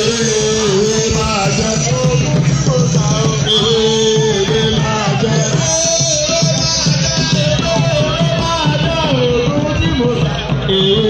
èrè máa jẹ. èrè máa jẹ. èrè máa jẹ. èrè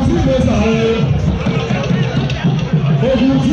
ogun tí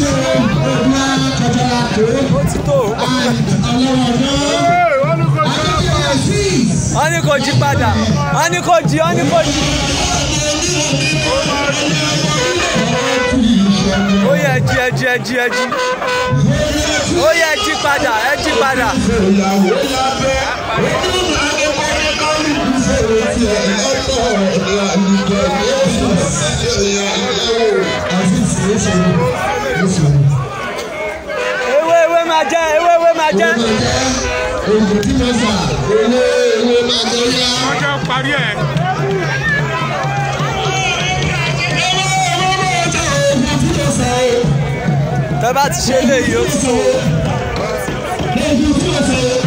ṣe ọ̀dùnà kọjọra tó ọlọ́wọ́dọ́ adébíyèsí. wọ́n ní kò jí padà wọ́n ní ó yẹ ẹjí ẹjí ẹjí ẹjí ó yẹ ẹjí padà ẹjí padà. Thank you. jẹ́. oògùn tí mo fà owó owó máa tó yá. ọjọ́ parí ẹ̀. tẹ́ bá ti ṣe eléyìí ó ti tó. oògùn tí mo fà owó.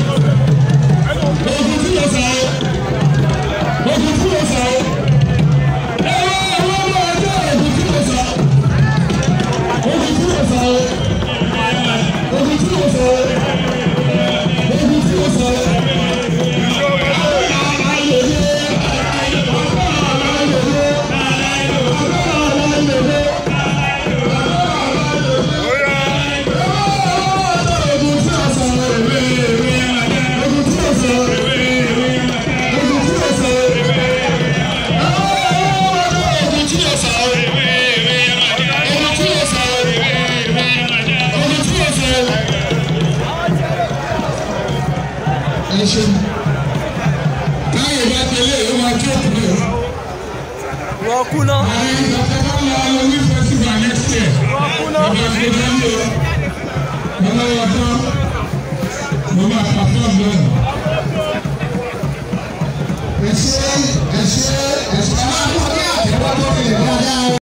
ẹ ṣe mọ táyé bá tẹlé ó máa tó kù lọ. wọ́n kú náà. àwọn ìgbà tó bá